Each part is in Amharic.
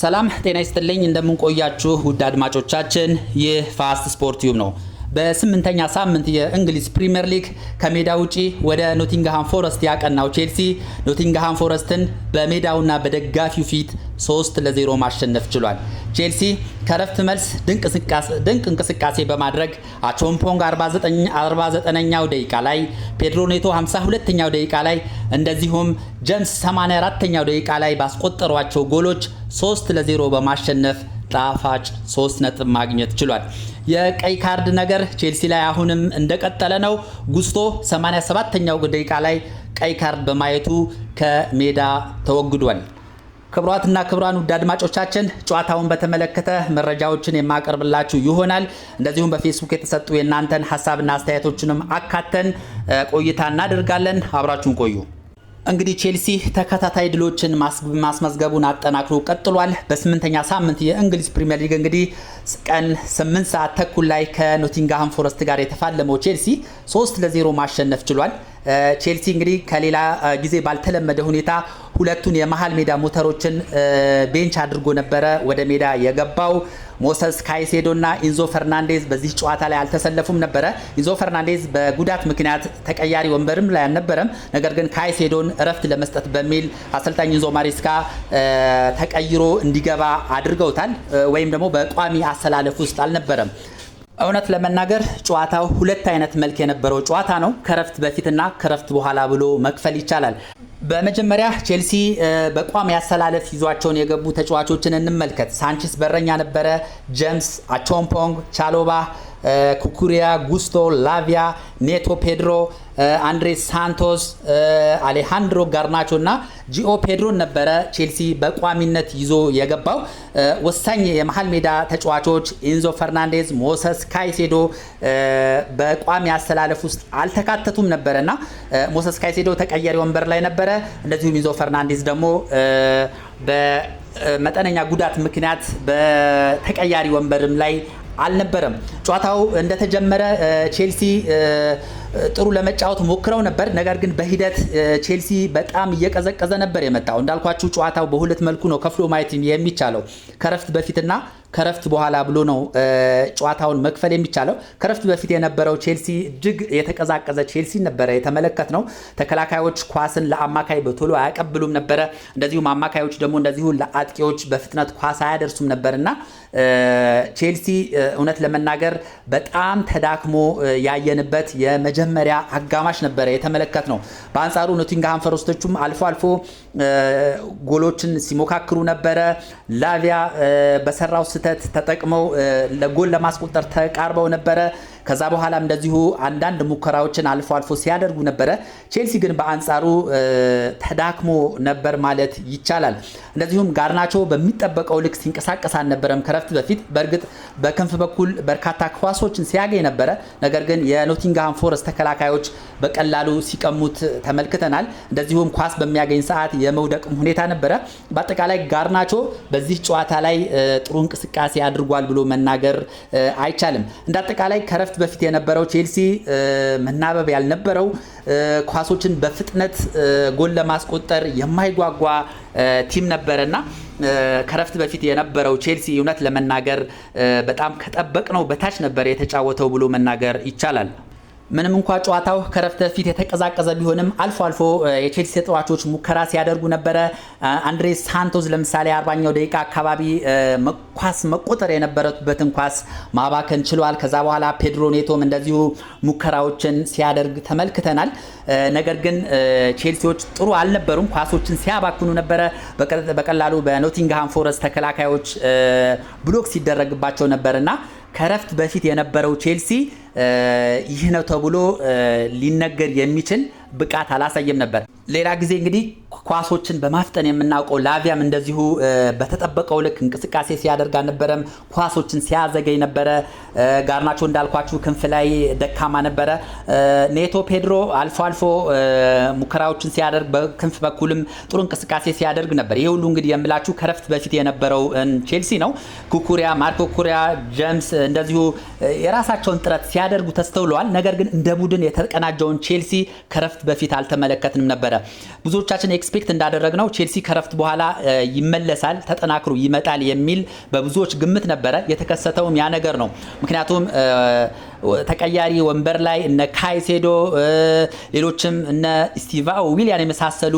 ሰላም ጤና ይስጥልኝ፣ እንደምንቆያችሁ ውድ አድማጮቻችን፣ ይህ ፋስት ስፖርት ዩብ ነው። በስምንተኛ ሳምንት የእንግሊዝ ፕሪምየር ሊግ ከሜዳ ውጪ ወደ ኖቲንግሃም ፎረስት ያቀናው ቼልሲ ኖቲንግሃም ፎረስትን በሜዳውና በደጋፊው ፊት ሶስት ለዜሮ ማሸነፍ ችሏል። ቼልሲ ከረፍት መልስ ድንቅ እንቅስቃሴ በማድረግ አቾምፖንግ 49ኛው ደቂቃ ላይ፣ ፔድሮ ኔቶ 52ኛው ደቂቃ ላይ እንደዚሁም ጀምስ 84ኛው ደቂቃ ላይ ባስቆጠሯቸው ጎሎች ለ ለዜሮ በማሸነፍ ጣፋጭ 3 ነጥብ ማግኘት ችሏል። የቀይ ካርድ ነገር ቼልሲ ላይ አሁንም እንደቀጠለ ነው። ጉስቶ 87ኛው ደቂቃ ላይ ቀይ ካርድ በማየቱ ከሜዳ ተወግዷል። ክብሯትና ክብሯን ውድ አድማጮቻችን ጨዋታውን በተመለከተ መረጃዎችን የማቀርብላችሁ ይሆናል። እንደዚሁም በፌስቡክ የተሰጡ የእናንተን ሀሳብና አስተያየቶችንም አካተን ቆይታ እናደርጋለን። አብራችሁን ቆዩ። እንግዲህ ቼልሲ ተከታታይ ድሎችን ማስመዝገቡን አጠናክሮ ቀጥሏል። በስምንተኛ ሳምንት የእንግሊዝ ፕሪምየር ሊግ እንግዲህ ቀን ስምንት ሰዓት ተኩል ላይ ከኖቲንግሃም ፎረስት ጋር የተፋለመው ቼልሲ ሶስት ለዜሮ ማሸነፍ ችሏል። ቼልሲ እንግዲህ ከሌላ ጊዜ ባልተለመደ ሁኔታ ሁለቱን የመሀል ሜዳ ሞተሮችን ቤንች አድርጎ ነበረ ወደ ሜዳ የገባው። ሞሰስ ካይሴዶ እና ኢንዞ ፈርናንዴዝ በዚህ ጨዋታ ላይ አልተሰለፉም ነበረ። ኢንዞ ፈርናንዴዝ በጉዳት ምክንያት ተቀያሪ ወንበርም ላይ አልነበረም። ነገር ግን ካይሴዶን እረፍት ለመስጠት በሚል አሰልጣኝ ኢንዞ ማሪስካ ተቀይሮ እንዲገባ አድርገውታል። ወይም ደግሞ በቋሚ አሰላለፍ ውስጥ አልነበረም። እውነት ለመናገር ጨዋታው ሁለት አይነት መልክ የነበረው ጨዋታ ነው። ከረፍት በፊትና ከረፍት በኋላ ብሎ መክፈል ይቻላል። በመጀመሪያ ቼልሲ በቋሚ አሰላለፍ ይዟቸውን የገቡ ተጫዋቾችን እንመልከት። ሳንቺስ በረኛ ነበረ። ጀምስ፣ አቾምፖንግ፣ ቻሎባ፣ ኩኩሪያ፣ ጉስቶ፣ ላቪያ፣ ኔቶ፣ ፔድሮ አንድሬስ ሳንቶስ፣ አሌሃንድሮ ጋርናቾ እና ጂኦ ፔድሮን ነበረ ቼልሲ በቋሚነት ይዞ የገባው። ወሳኝ የመሀል ሜዳ ተጫዋቾች ኢንዞ ፈርናንዴዝ፣ ሞሰስ ካይሴዶ በቋሚ አሰላለፍ ውስጥ አልተካተቱም ነበረ እና ሞሰስ ካይሴዶ ተቀያሪ ወንበር ላይ ነበረ። እንደዚሁም ኢንዞ ፈርናንዴዝ ደግሞ በመጠነኛ ጉዳት ምክንያት በተቀያሪ ወንበርም ላይ አልነበረም። ጨዋታው እንደተጀመረ ቼልሲ ጥሩ ለመጫወት ሞክረው ነበር። ነገር ግን በሂደት ቼልሲ በጣም እየቀዘቀዘ ነበር የመጣው። እንዳልኳችሁ ጨዋታው በሁለት መልኩ ነው ከፍሎ ማየት የሚቻለው ከረፍት በፊትና ከረፍት በኋላ ብሎ ነው ጨዋታውን መክፈል የሚቻለው። ከረፍት በፊት የነበረው ቼልሲ እጅግ የተቀዛቀዘ ቼልሲ ነበረ የተመለከት ነው። ተከላካዮች ኳስን ለአማካይ በቶሎ አያቀብሉም ነበረ። እንደዚሁም አማካዮች ደግሞ እንደዚሁ ለአጥቂዎች በፍጥነት ኳስ አያደርሱም ነበር እና ቼልሲ እውነት ለመናገር በጣም ተዳክሞ ያየንበት የመጀ የመጀመሪያ አጋማሽ ነበረ የተመለከት ነው። በአንጻሩ ኖቲንግሃም ፈረስቶቹም አልፎ አልፎ ጎሎችን ሲሞካክሩ ነበረ። ላቪያ በሰራው ስህተት ተጠቅመው ለጎል ለማስቆጠር ተቃርበው ነበረ። ከዛ በኋላ እንደዚሁ አንዳንድ ሙከራዎችን አልፎ አልፎ ሲያደርጉ ነበረ። ቼልሲ ግን በአንጻሩ ተዳክሞ ነበር ማለት ይቻላል። እንደዚሁም ጋርናቾ በሚጠበቀው ልክ ሲንቀሳቀስ አልነበረም ከረፍት በፊት። በእርግጥ በክንፍ በኩል በርካታ ኳሶችን ሲያገኝ ነበረ። ነገር ግን የኖቲንግሃም ፎረስት ተከላካዮች በቀላሉ ሲቀሙት ተመልክተናል። እንደዚሁም ኳስ በሚያገኝ ሰዓት የመውደቅም ሁኔታ ነበረ። በአጠቃላይ ጋርናቾ በዚህ ጨዋታ ላይ ጥሩ እንቅስቃሴ አድርጓል ብሎ መናገር አይቻልም። እንደ አጠቃላይ ከረፍት ከእረፍት በፊት የነበረው ቼልሲ መናበብ ያልነበረው ኳሶችን በፍጥነት ጎል ለማስቆጠር የማይጓጓ ቲም ነበረና ከረፍት በፊት የነበረው ቼልሲ እውነት ለመናገር በጣም ከጠበቅ ነው በታች ነበር የተጫወተው ብሎ መናገር ይቻላል። ምንም እንኳ ጨዋታው ከረፍት በፊት የተቀዛቀዘ ቢሆንም አልፎ አልፎ የቼልሲ ተጫዋቾች ሙከራ ሲያደርጉ ነበረ። አንድሬ ሳንቶስ ለምሳሌ አርባኛው ደቂቃ አካባቢ ኳስ መቆጠር የነበረበትን ኳስ ማባከን ችሏል። ከዛ በኋላ ፔድሮ ኔቶም እንደዚሁ ሙከራዎችን ሲያደርግ ተመልክተናል። ነገር ግን ቼልሲዎች ጥሩ አልነበሩም። ኳሶችን ሲያባክኑ ነበረ። በቀላሉ በኖቲንግሃም ፎረስት ተከላካዮች ብሎክ ሲደረግባቸው ነበርና ከረፍት በፊት የነበረው ቼልሲ ይህ ነው ተብሎ ሊነገር የሚችል ብቃት አላሳየም ነበር። ሌላ ጊዜ እንግዲህ ኳሶችን በማፍጠን የምናውቀው ላቪያም እንደዚሁ በተጠበቀው ልክ እንቅስቃሴ ሲያደርግ አልነበረም። ኳሶችን ሲያዘገኝ ነበረ። ጋርናቾ እንዳልኳችሁ ክንፍ ላይ ደካማ ነበረ። ኔቶ ፔድሮ አልፎ አልፎ ሙከራዎችን ሲያደርግ፣ በክንፍ በኩልም ጥሩ እንቅስቃሴ ሲያደርግ ነበር። ይህ ሁሉ እንግዲህ የምላችሁ ከረፍት በፊት የነበረው ቼልሲ ነው። ኩኩሪያ፣ ማርኮ ኩሪያ፣ ጀምስ እንደዚሁ የራሳቸውን ጥረት ሲያደርጉ ተስተውለዋል። ነገር ግን እንደ ቡድን የተቀናጀውን ቼልሲ ከረፍት በፊት አልተመለከትንም ነበር። ነበረ። ብዙዎቻችን ኤክስፔክት እንዳደረግነው ቼልሲ ከረፍት በኋላ ይመለሳል፣ ተጠናክሮ ይመጣል የሚል በብዙዎች ግምት ነበረ። የተከሰተውም ያ ነገር ነው። ምክንያቱም ተቀያሪ ወንበር ላይ እነ ካይሴዶ ሌሎችም እነ ስቲቫ ዊሊያን የመሳሰሉ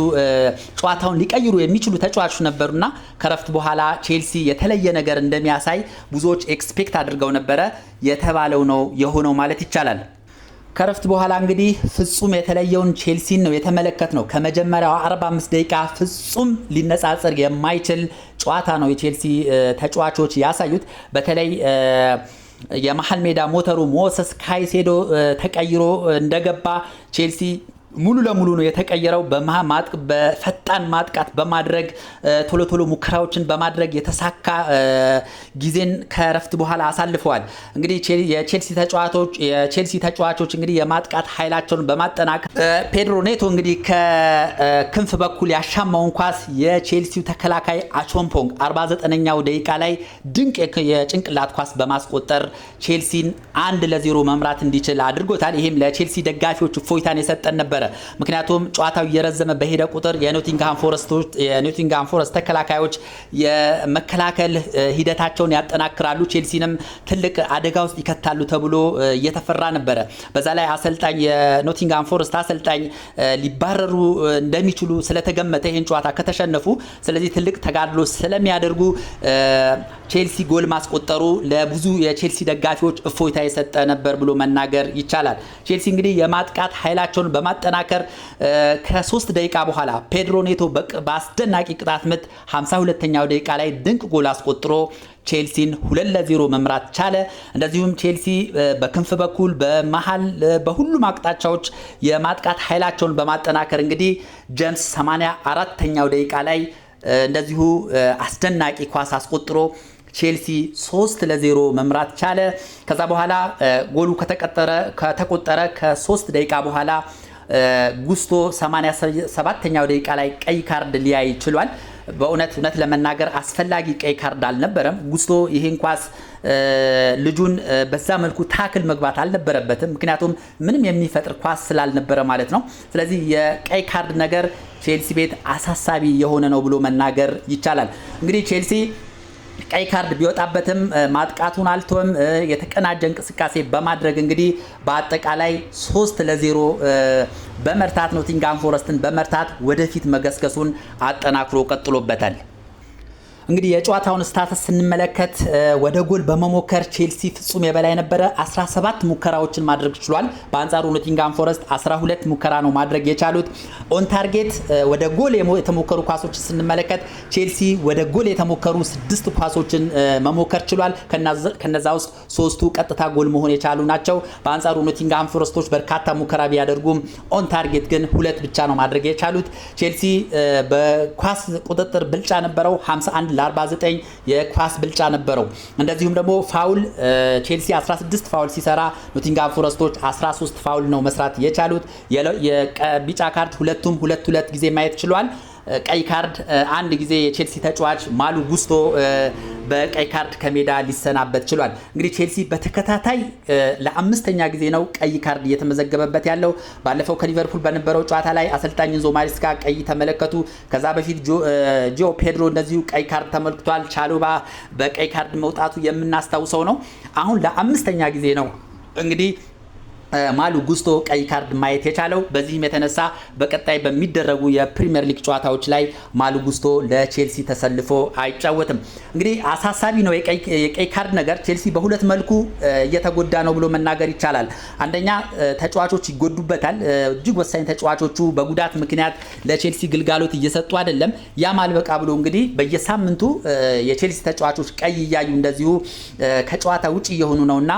ጨዋታውን ሊቀይሩ የሚችሉ ተጫዋቾች ነበሩና ከረፍት በኋላ ቼልሲ የተለየ ነገር እንደሚያሳይ ብዙዎች ኤክስፔክት አድርገው ነበረ። የተባለው ነው የሆነው ማለት ይቻላል። ከረፍት በኋላ እንግዲህ ፍጹም የተለየውን ቼልሲን ነው የተመለከት ነው። ከመጀመሪያው 45 ደቂቃ ፍጹም ሊነጻጸር የማይችል ጨዋታ ነው የቼልሲ ተጫዋቾች ያሳዩት። በተለይ የመሀል ሜዳ ሞተሩ ሞሰስ ካይሴዶ ተቀይሮ እንደገባ ቼልሲ ሙሉ ለሙሉ ነው የተቀየረው። በፈጣን ማጥቃት በማድረግ ቶሎ ቶሎ ሙከራዎችን በማድረግ የተሳካ ጊዜን ከረፍት በኋላ አሳልፈዋል። እንግዲህ የቼልሲ ተጫዋቾች እንግዲህ የማጥቃት ኃይላቸውን በማጠናከር ፔድሮ ኔቶ እንግዲህ ከክንፍ በኩል ያሻማውን ኳስ የቼልሲው ተከላካይ አቾምፖንግ 49ኛው ደቂቃ ላይ ድንቅ የጭንቅላት ኳስ በማስቆጠር ቼልሲን አንድ ለዜሮ መምራት እንዲችል አድርጎታል። ይህም ለቼልሲ ደጋፊዎች እፎይታን የሰጠን ነበረ። ነበረ። ምክንያቱም ጨዋታው እየረዘመ በሄደ ቁጥር የኖቲንግሃም ፎረስት ተከላካዮች የመከላከል ሂደታቸውን ያጠናክራሉ፣ ቼልሲንም ትልቅ አደጋ ውስጥ ይከታሉ ተብሎ እየተፈራ ነበረ። በዛ ላይ አሰልጣኝ የኖቲንግሃም ፎረስት አሰልጣኝ ሊባረሩ እንደሚችሉ ስለተገመተ ይህን ጨዋታ ከተሸነፉ ስለዚህ ትልቅ ተጋድሎ ስለሚያደርጉ ቼልሲ ጎል ማስቆጠሩ ለብዙ የቼልሲ ደጋፊዎች እፎይታ የሰጠ ነበር ብሎ መናገር ይቻላል። ቼልሲ እንግዲህ የማጥቃት ኃይላቸውን በማጠና ለማጠናከር ከሶስት ደቂቃ በኋላ ፔድሮ ኔቶ በአስደናቂ ቅጣት ምት 52ኛው ደቂቃ ላይ ድንቅ ጎል አስቆጥሮ ቼልሲን ሁለት ለዜሮ መምራት ቻለ። እንደዚሁም ቼልሲ በክንፍ በኩል በመሀል በሁሉም አቅጣጫዎች የማጥቃት ኃይላቸውን በማጠናከር እንግዲህ ጀምስ 84ኛው ደቂቃ ላይ እንደዚሁ አስደናቂ ኳስ አስቆጥሮ ቼልሲ ለ ለዜሮ መምራት ቻለ። ከዛ በኋላ ጎሉ ከተቆጠረ ከሶስት ደቂቃ በኋላ ጉስቶ 87ኛው ደቂቃ ላይ ቀይ ካርድ ሊያይ ችሏል። በእውነት እውነት ለመናገር አስፈላጊ ቀይ ካርድ አልነበረም። ጉስቶ ይህን ኳስ ልጁን በዛ መልኩ ታክል መግባት አልነበረበትም። ምክንያቱም ምንም የሚፈጥር ኳስ ስላልነበረ ማለት ነው። ስለዚህ የቀይ ካርድ ነገር ቼልሲ ቤት አሳሳቢ የሆነ ነው ብሎ መናገር ይቻላል። እንግዲህ ቼልሲ ቀይ ካርድ ቢወጣበትም ማጥቃቱን አልቶም የተቀናጀ እንቅስቃሴ በማድረግ እንግዲህ በአጠቃላይ ሶስት ለዜሮ በመርታት ኖቲንጋም ፎረስትን በመርታት ወደፊት መገስገሱን አጠናክሮ ቀጥሎበታል። እንግዲህ የጨዋታውን ስታተስ ስንመለከት ወደ ጎል በመሞከር ቼልሲ ፍጹም የበላይ ነበረ። 17 ሙከራዎችን ማድረግ ችሏል። በአንጻሩ ኖቲንጋም ፎረስት 12 ሙከራ ነው ማድረግ የቻሉት። ኦን ታርጌት ወደ ጎል የተሞከሩ ኳሶችን ስንመለከት ቼልሲ ወደ ጎል የተሞከሩ ስድስት ኳሶችን መሞከር ችሏል። ከነዛ ውስጥ ሶስቱ ቀጥታ ጎል መሆን የቻሉ ናቸው። በአንጻሩ ኖቲንጋም ፎረስቶች በርካታ ሙከራ ቢያደርጉም ኦን ታርጌት ግን ሁለት ብቻ ነው ማድረግ የቻሉት። ቼልሲ በኳስ ቁጥጥር ብልጫ ነበረው 51 ለ49 የኳስ ብልጫ ነበረው። እንደዚሁም ደግሞ ፋውል ቼልሲ 16 ፋውል ሲሰራ ኖቲንጋም ፎረስቶች 13 ፋውል ነው መስራት የቻሉት። የቢጫ ካርድ ሁለቱም ሁለት ሁለት ጊዜ ማየት ችሏል። ቀይ ካርድ አንድ ጊዜ የቼልሲ ተጫዋች ማሉ ጉስቶ በቀይ ካርድ ከሜዳ ሊሰናበት ችሏል። እንግዲህ ቼልሲ በተከታታይ ለአምስተኛ ጊዜ ነው ቀይ ካርድ እየተመዘገበበት ያለው። ባለፈው ከሊቨርፑል በነበረው ጨዋታ ላይ አሰልጣኝ ኢንዞ ማሪስካ ቀይ ተመለከቱ። ከዛ በፊት ጆ ፔድሮ እንደዚሁ ቀይ ካርድ ተመልክቷል። ቻሎባ በቀይ ካርድ መውጣቱ የምናስታውሰው ነው። አሁን ለአምስተኛ ጊዜ ነው እንግዲህ ማሉ ጉስቶ ቀይ ካርድ ማየት የቻለው በዚህም የተነሳ በቀጣይ በሚደረጉ የፕሪምየር ሊግ ጨዋታዎች ላይ ማሉ ጉስቶ ለቼልሲ ተሰልፎ አይጫወትም። እንግዲህ አሳሳቢ ነው የቀይ ካርድ ነገር። ቼልሲ በሁለት መልኩ እየተጎዳ ነው ብሎ መናገር ይቻላል። አንደኛ ተጫዋቾች ይጎዱበታል። እጅግ ወሳኝ ተጫዋቾቹ በጉዳት ምክንያት ለቼልሲ ግልጋሎት እየሰጡ አይደለም። ያም አልበቃ ብሎ እንግዲህ በየሳምንቱ የቼልሲ ተጫዋቾች ቀይ እያዩ እንደዚሁ ከጨዋታ ውጭ እየሆኑ ነውና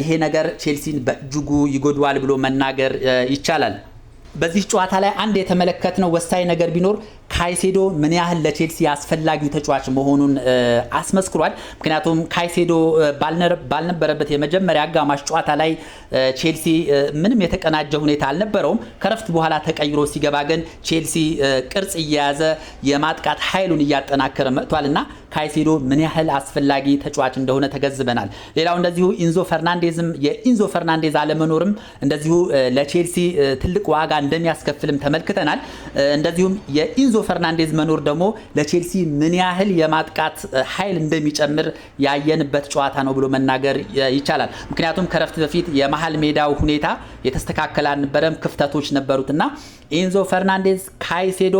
ይሄ ነገር ቼልሲን በእጅጉ ይጎድዋል ብሎ መናገር ይቻላል። በዚህ ጨዋታ ላይ አንድ የተመለከትነው ወሳኝ ነገር ቢኖር ካይሴዶ ምን ያህል ለቼልሲ አስፈላጊ ተጫዋች መሆኑን አስመስክሯል። ምክንያቱም ካይሴዶ ባልነበረበት የመጀመሪያ አጋማሽ ጨዋታ ላይ ቼልሲ ምንም የተቀናጀ ሁኔታ አልነበረውም። ከረፍት በኋላ ተቀይሮ ሲገባ ግን ቼልሲ ቅርጽ እየያዘ የማጥቃት ኃይሉን እያጠናከረ መጥቷል እና ካይሴዶ ምን ያህል አስፈላጊ ተጫዋች እንደሆነ ተገዝበናል። ሌላው እንደዚሁ ኢንዞ ፈርናንዴዝም የኢንዞ ፈርናንዴዝ አለመኖርም እንደዚሁ ለቼልሲ ትልቅ ዋጋ እንደሚያስከፍልም ተመልክተናል። እንደዚሁም የኢንዞ የኤንዞ ፈርናንዴዝ መኖር ደግሞ ለቼልሲ ምን ያህል የማጥቃት ኃይል እንደሚጨምር ያየንበት ጨዋታ ነው ብሎ መናገር ይቻላል። ምክንያቱም ከረፍት በፊት የመሀል ሜዳው ሁኔታ የተስተካከለ አልነበረም፣ ክፍተቶች ነበሩትና ኢንዞ ፈርናንዴዝ፣ ካይሴዶ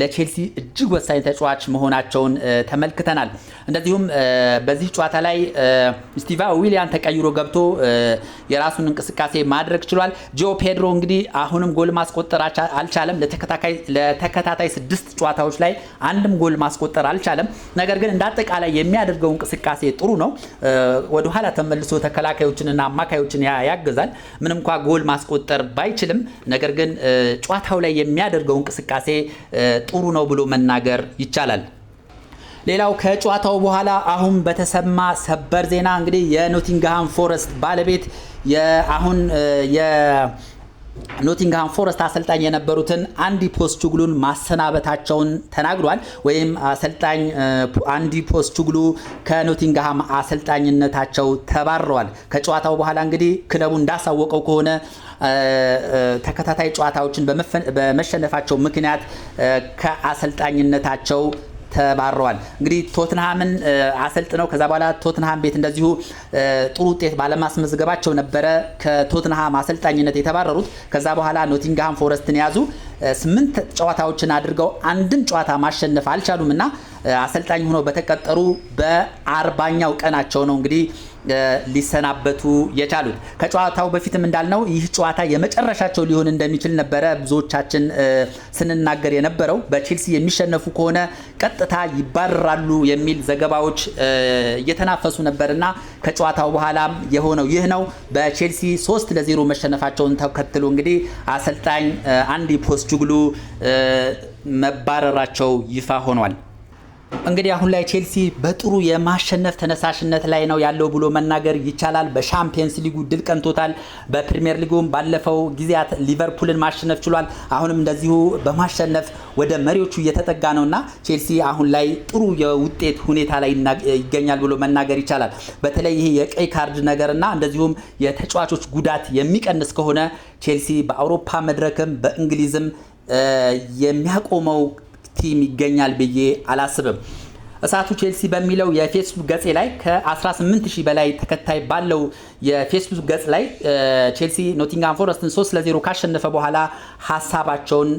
ለቼልሲ እጅግ ወሳኝ ተጫዋች መሆናቸውን ተመልክተናል። እንደዚሁም በዚህ ጨዋታ ላይ ስቲቫ ዊሊያን ተቀይሮ ገብቶ የራሱን እንቅስቃሴ ማድረግ ችሏል። ጆ ፔድሮ እንግዲህ አሁንም ጎል ማስቆጠር አልቻለም። ለተከታታይ ስድስት ጨዋታዎች ላይ አንድም ጎል ማስቆጠር አልቻለም። ነገር ግን እንደ አጠቃላይ የሚያደርገው እንቅስቃሴ ጥሩ ነው። ወደኋላ ተመልሶ ተከላካዮችንና አማካዮችን ያግዛል። ምንም እንኳ ጎል ማስቆጠር ባይችልም ነገር ግን ጨዋታ በጫካው ላይ የሚያደርገው እንቅስቃሴ ጥሩ ነው ብሎ መናገር ይቻላል። ሌላው ከጨዋታው በኋላ አሁን በተሰማ ሰበር ዜና እንግዲህ የኖቲንግሃም ፎረስት ባለቤት አሁን ኖቲንግሃም ፎረስት አሰልጣኝ የነበሩትን አንዲ ፖስቱግሉን ማሰናበታቸውን ተናግሯል። ወይም አሰልጣኝ አንዲ ፖስቱግሉ ከኖቲንግሃም አሰልጣኝነታቸው ተባረዋል። ከጨዋታው በኋላ እንግዲህ ክለቡ እንዳሳወቀው ከሆነ ተከታታይ ጨዋታዎችን በመሸነፋቸው ምክንያት ከአሰልጣኝነታቸው ተባረዋል። እንግዲህ ቶትንሃምን አሰልጥነው ከዛ በኋላ ቶትንሃም ቤት እንደዚሁ ጥሩ ውጤት ባለማስመዝገባቸው ነበረ ከቶትንሃም አሰልጣኝነት የተባረሩት። ከዛ በኋላ ኖቲንግሃም ፎረስትን የያዙ ስምንት ጨዋታዎችን አድርገው አንድም ጨዋታ ማሸነፍ አልቻሉም እና አሰልጣኝ ሆነው በተቀጠሩ በአርባኛው ቀናቸው ነው እንግዲህ ሊሰናበቱ የቻሉት። ከጨዋታው በፊትም እንዳልነው ይህ ጨዋታ የመጨረሻቸው ሊሆን እንደሚችል ነበረ ብዙዎቻችን ስንናገር የነበረው። በቼልሲ የሚሸነፉ ከሆነ ቀጥታ ይባረራሉ የሚል ዘገባዎች እየተናፈሱ ነበርና ከጨዋታው በኋላም የሆነው ይህ ነው። በቼልሲ ሶስት ለዜሮ መሸነፋቸውን ተከትሎ እንግዲህ አሰልጣኝ አንዲ ፖስቱግሉ መባረራቸው ይፋ ሆኗል። እንግዲህ አሁን ላይ ቼልሲ በጥሩ የማሸነፍ ተነሳሽነት ላይ ነው ያለው ብሎ መናገር ይቻላል። በሻምፒየንስ ሊጉ ድል ቀንቶታል። በፕሪሚየር ሊጉም ባለፈው ጊዜያት ሊቨርፑልን ማሸነፍ ችሏል። አሁንም እንደዚሁ በማሸነፍ ወደ መሪዎቹ እየተጠጋ ነውና ቼልሲ አሁን ላይ ጥሩ የውጤት ሁኔታ ላይ ይገኛል ብሎ መናገር ይቻላል። በተለይ ይሄ የቀይ ካርድ ነገር እና እንደዚሁም የተጫዋቾች ጉዳት የሚቀንስ ከሆነ ቼልሲ በአውሮፓ መድረክም በእንግሊዝም የሚያቆመው ቲም ይገኛል ብዬ አላስብም። እሳቱ ቼልሲ በሚለው የፌስቡክ ገጽ ላይ ከ18000 በላይ ተከታይ ባለው የፌስቡክ ገጽ ላይ ቼልሲ ኖቲንጋም ፎረስትን 3 ለ0 ካሸነፈ በኋላ ሀሳባቸውን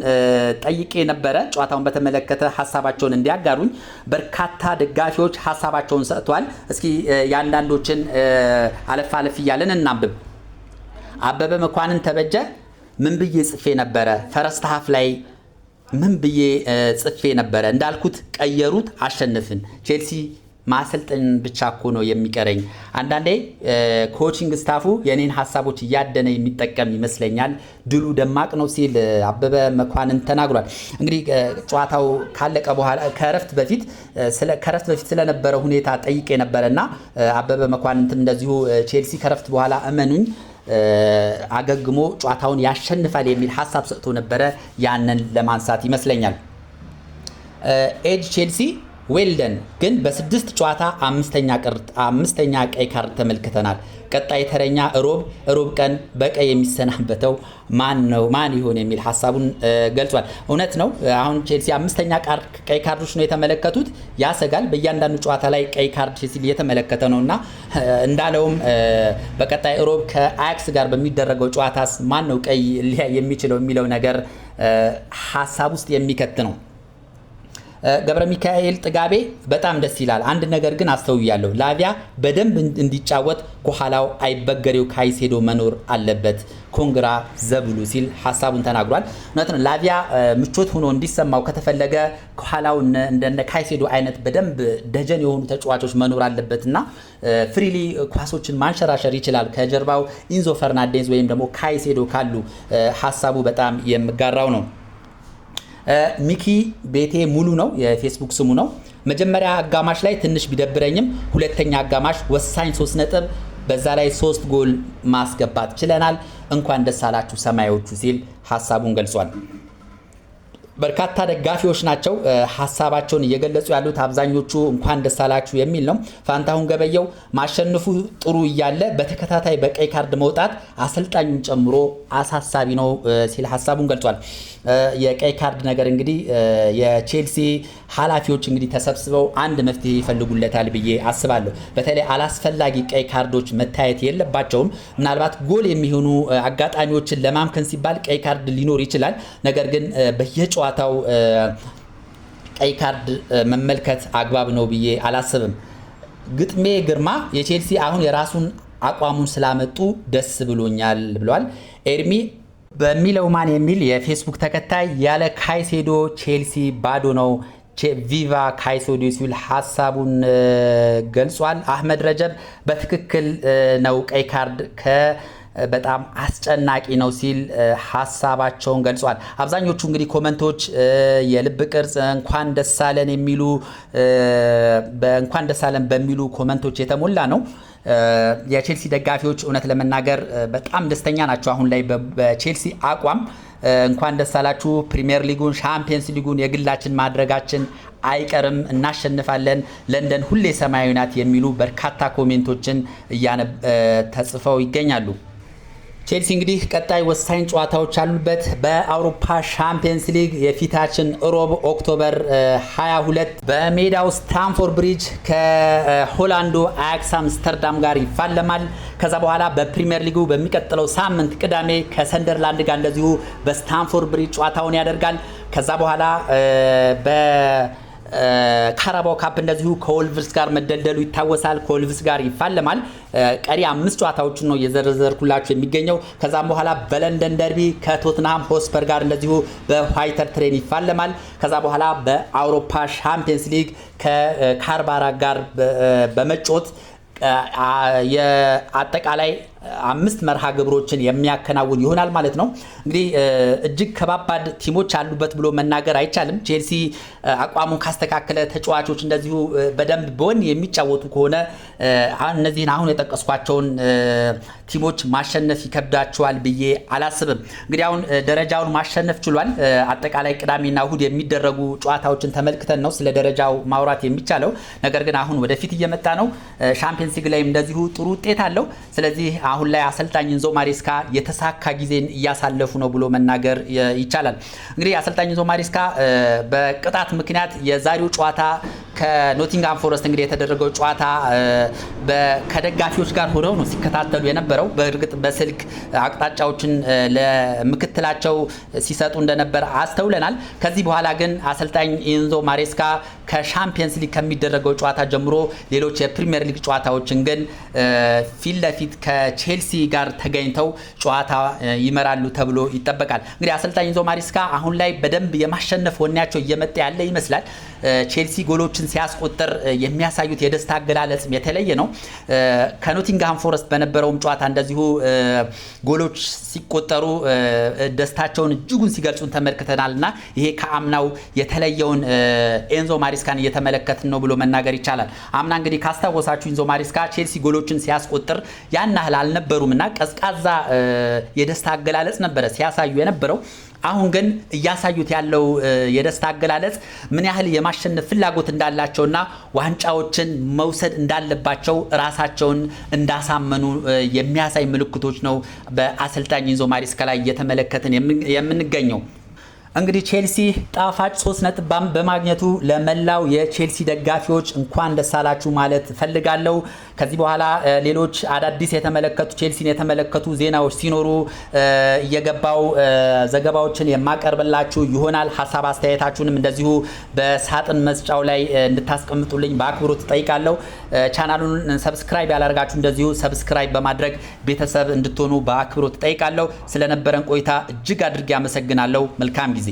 ጠይቄ ነበረ። ጨዋታውን በተመለከተ ሀሳባቸውን እንዲያጋሩኝ በርካታ ደጋፊዎች ሀሳባቸውን ሰጥቷል። እስኪ የአንዳንዶችን አለፍ አለፍ እያለን እናንብብ። አበበ መኳንን ተበጀ ምን ብዬ ጽፌ ነበረ? ፈረስት ሀፍ ላይ ምን ብዬ ጽፌ ነበረ? እንዳልኩት ቀየሩት፣ አሸንፍን ቼልሲ ማሰልጠን ብቻ እኮ ነው የሚቀረኝ። አንዳንዴ ኮቺንግ ስታፉ የኔን ሀሳቦች እያደነ የሚጠቀም ይመስለኛል። ድሉ ደማቅ ነው ሲል አበበ መኳንን ተናግሯል። እንግዲህ ጨዋታው ካለቀ በኋላ ከረፍት በፊት ከረፍት በፊት ስለነበረ ሁኔታ ጠይቄ ነበረ እና አበበ መኳንንትም እንደዚሁ ቼልሲ ከረፍት በኋላ እመኑኝ አገግሞ ጨዋታውን ያሸንፋል የሚል ሀሳብ ሰጥቶ ነበረ። ያንን ለማንሳት ይመስለኛል ኤጅ ቼልሲ ዌልደን ግን በስድስት ጨዋታ አምስተኛ ቀይ ካርድ ተመልክተናል። ቀጣይ ተረኛ ሮብ ሮብ ቀን በቀይ የሚሰናበተው ማን ነው ማን ይሆን የሚል ሀሳቡን ገልጿል። እውነት ነው። አሁን ቼልሲ አምስተኛ ቀይ ካርዶች ነው የተመለከቱት። ያሰጋል። በእያንዳንዱ ጨዋታ ላይ ቀይ ካርድ ቼልሲ እየተመለከተ ነው እና እንዳለውም በቀጣይ ሮብ ከአያክስ ጋር በሚደረገው ጨዋታስ ማን ነው ቀይ ሊያይ የሚችለው የሚለው ነገር ሀሳብ ውስጥ የሚከት ነው። ገብረ ሚካኤል ጥጋቤ በጣም ደስ ይላል። አንድ ነገር ግን አስተውያለሁ። ላቪያ በደንብ እንዲጫወት ከኋላው አይበገሬው ካይሴዶ መኖር አለበት። ኮንግራ ዘብሉ ሲል ሀሳቡን ተናግሯል። እውነት ነው። ላቪያ ምቾት ሆኖ እንዲሰማው ከተፈለገ ከኋላው እንደነ ካይሴዶ አይነት በደንብ ደጀን የሆኑ ተጫዋቾች መኖር አለበት እና ፍሪሊ ኳሶችን ማንሸራሸር ይችላል። ከጀርባው ኢንዞ ፈርናንዴዝ ወይም ደግሞ ካይሴዶ ካሉ ሀሳቡ በጣም የምጋራው ነው። ሚኪ ቤቴ ሙሉ ነው የፌስቡክ ስሙ ነው። መጀመሪያ አጋማሽ ላይ ትንሽ ቢደብረኝም ሁለተኛ አጋማሽ ወሳኝ ሶስት ነጥብ በዛ ላይ ሶስት ጎል ማስገባት ችለናል። እንኳን ደስ አላችሁ ሰማያዎቹ ሲል ሀሳቡን ገልጿል። በርካታ ደጋፊዎች ናቸው ሀሳባቸውን እየገለጹ ያሉት። አብዛኞቹ እንኳን ደስ አላችሁ የሚል ነው። ፋንታሁን ገበየው ማሸነፉ ጥሩ እያለ በተከታታይ በቀይ ካርድ መውጣት አሰልጣኙን ጨምሮ አሳሳቢ ነው ሲል ሀሳቡን ገልጿል። የቀይ ካርድ ነገር እንግዲህ የቼልሲ ኃላፊዎች እንግዲህ ተሰብስበው አንድ መፍትሄ ይፈልጉለታል ብዬ አስባለሁ። በተለይ አላስፈላጊ ቀይ ካርዶች መታየት የለባቸውም። ምናልባት ጎል የሚሆኑ አጋጣሚዎችን ለማምከን ሲባል ቀይ ካርድ ሊኖር ይችላል። ነገር ግን በየጨዋታው ቀይ ካርድ መመልከት አግባብ ነው ብዬ አላስብም። ግጥሜ ግርማ የቼልሲ አሁን የራሱን አቋሙን ስላመጡ ደስ ብሎኛል ብሏል። ኤርሚ በሚለው ማን የሚል የፌስቡክ ተከታይ ያለ ካይሴዶ ቼልሲ ባዶ ነው ቪቫ ካይሴዶ ሲል ሀሳቡን ገልጿል። አህመድ ረጀብ በትክክል ነው ቀይ ካርድ በጣም አስጨናቂ ነው ሲል ሀሳባቸውን ገልጿል። አብዛኞቹ እንግዲህ ኮመንቶች የልብ ቅርጽ እንኳን ደሳለን የሚሉ በእንኳን ደሳለን በሚሉ ኮመንቶች የተሞላ ነው። የቼልሲ ደጋፊዎች እውነት ለመናገር በጣም ደስተኛ ናቸው። አሁን ላይ በቼልሲ አቋም እንኳን ደስ አላችሁ፣ ፕሪሚየር ሊጉን፣ ሻምፒየንስ ሊጉን የግላችን ማድረጋችን አይቀርም፣ እናሸንፋለን፣ ለንደን ሁሌ ሰማያዊ ናት የሚሉ በርካታ ኮሜንቶችን ተጽፈው ይገኛሉ። ቼልሲ እንግዲህ ቀጣይ ወሳኝ ጨዋታዎች አሉበት። በአውሮፓ ሻምፒየንስ ሊግ የፊታችን ሮብ ኦክቶበር 22 በሜዳው ስታምፎርድ ብሪጅ ከሆላንዱ አያክስ አምስተርዳም ጋር ይፋለማል። ከዛ በኋላ በፕሪምየር ሊጉ በሚቀጥለው ሳምንት ቅዳሜ ከሰንደርላንድ ጋር እንደዚሁ በስታንፎርድ ብሪጅ ጨዋታውን ያደርጋል። ከዛ በኋላ በ ካራባው ካፕ እንደዚሁ ከወልቭስ ጋር መደልደሉ ይታወሳል። ከወልቭስ ጋር ይፋለማል። ቀሪ አምስት ጨዋታዎችን ነው የዘረዘርኩላችሁ የሚገኘው። ከዛም በኋላ በለንደን ደርቢ ከቶትንሃም ሆስፐር ጋር እንደዚሁ በኋይተር ትሬን ይፋለማል። ከዛ በኋላ በአውሮፓ ሻምፒየንስ ሊግ ከካርባራ ጋር በመጮት የአጠቃላይ አምስት መርሃ ግብሮችን የሚያከናውን ይሆናል ማለት ነው። እንግዲህ እጅግ ከባባድ ቲሞች አሉበት ብሎ መናገር አይቻልም። ቼልሲ አቋሙን ካስተካከለ፣ ተጫዋቾች እንደዚሁ በደንብ በወን የሚጫወቱ ከሆነ እነዚህን አሁን የጠቀስኳቸውን ቲሞች ማሸነፍ ይከብዳቸዋል ብዬ አላስብም። እንግዲህ አሁን ደረጃውን ማሸነፍ ችሏል። አጠቃላይ ቅዳሜና እሁድ የሚደረጉ ጨዋታዎችን ተመልክተን ነው ስለ ደረጃው ማውራት የሚቻለው። ነገር ግን አሁን ወደፊት እየመጣ ነው። ሻምፒየንስ ሊግ ላይም እንደዚሁ ጥሩ ውጤት አለው። ስለዚህ አሁን ላይ አሰልጣኝ ኢንዞ ማሬስካ የተሳካ ጊዜን እያሳለፉ ነው ብሎ መናገር ይቻላል። እንግዲህ አሰልጣኝ ኢንዞ ማሬስካ በቅጣት ምክንያት የዛሬው ጨዋታ ከኖቲንግሃም ፎረስት እንግዲህ የተደረገው ጨዋታ ከደጋፊዎች ጋር ሆነው ነው ሲከታተሉ የነበረው። በእርግጥ በስልክ አቅጣጫዎችን ለምክትላቸው ሲሰጡ እንደነበር አስተውለናል። ከዚህ በኋላ ግን አሰልጣኝ ኢንዞ ማሬስካ ከሻምፒየንስ ሊግ ከሚደረገው ጨዋታ ጀምሮ ሌሎች የፕሪሚየር ሊግ ጨዋታዎችን ግን ፊት ለፊት ከቼልሲ ጋር ተገኝተው ጨዋታ ይመራሉ ተብሎ ይጠበቃል። እንግዲህ አሰልጣኝ ኢንዞ ማሪስካ አሁን ላይ በደንብ የማሸነፍ ወኔያቸው እየመጣ ያለ ይመስላል። ቼልሲ ጎሎችን ሲያስቆጥር የሚያሳዩት የደስታ አገላለጽም የተለየ ነው። ከኖቲንግሃም ፎረስት በነበረውም ጨዋታ እንደዚሁ ጎሎች ሲቆጠሩ ደስታቸውን እጅጉን ሲገልጹን ተመልክተናል እና ይሄ ከአምናው የተለየውን ኤንዞ ማሪስካን እየተመለከትን ነው ብሎ መናገር ይቻላል። አምና እንግዲህ ካስታወሳችሁ ኤንዞ ማሪስካ ቼልሲ ጎሎችን ሲያስቆጥር ያን ያህል አልነበሩም እና ቀዝቃዛ የደስታ አገላለጽ ነበረ ሲያሳዩ የነበረው። አሁን ግን እያሳዩት ያለው የደስታ አገላለጽ ምን ያህል የማሸነፍ ፍላጎት እንዳላቸውና ዋንጫዎችን መውሰድ እንዳለባቸው ራሳቸውን እንዳሳመኑ የሚያሳይ ምልክቶች ነው በአሰልጣኝ ኢንዞ ማሪስካ ላይ እየተመለከትን የምንገኘው። እንግዲህ ቼልሲ ጣፋጭ ሶስት ነጥብ በማግኘቱ ለመላው የቼልሲ ደጋፊዎች እንኳን ደስ አላችሁ ማለት ፈልጋለሁ። ከዚህ በኋላ ሌሎች አዳዲስ የተመለከቱ ቼልሲን የተመለከቱ ዜናዎች ሲኖሩ እየገባው ዘገባዎችን የማቀርብላችሁ ይሆናል። ሀሳብ አስተያየታችሁንም እንደዚሁ በሳጥን መስጫው ላይ እንድታስቀምጡልኝ በአክብሮት ጠይቃለሁ። ቻናሉን ሰብስክራይብ ያላደርጋችሁ እንደዚሁ ሰብስክራይብ በማድረግ ቤተሰብ እንድትሆኑ በአክብሮት ጠይቃለሁ። ስለነበረን ቆይታ እጅግ አድርጌ አመሰግናለሁ። መልካም ጊዜ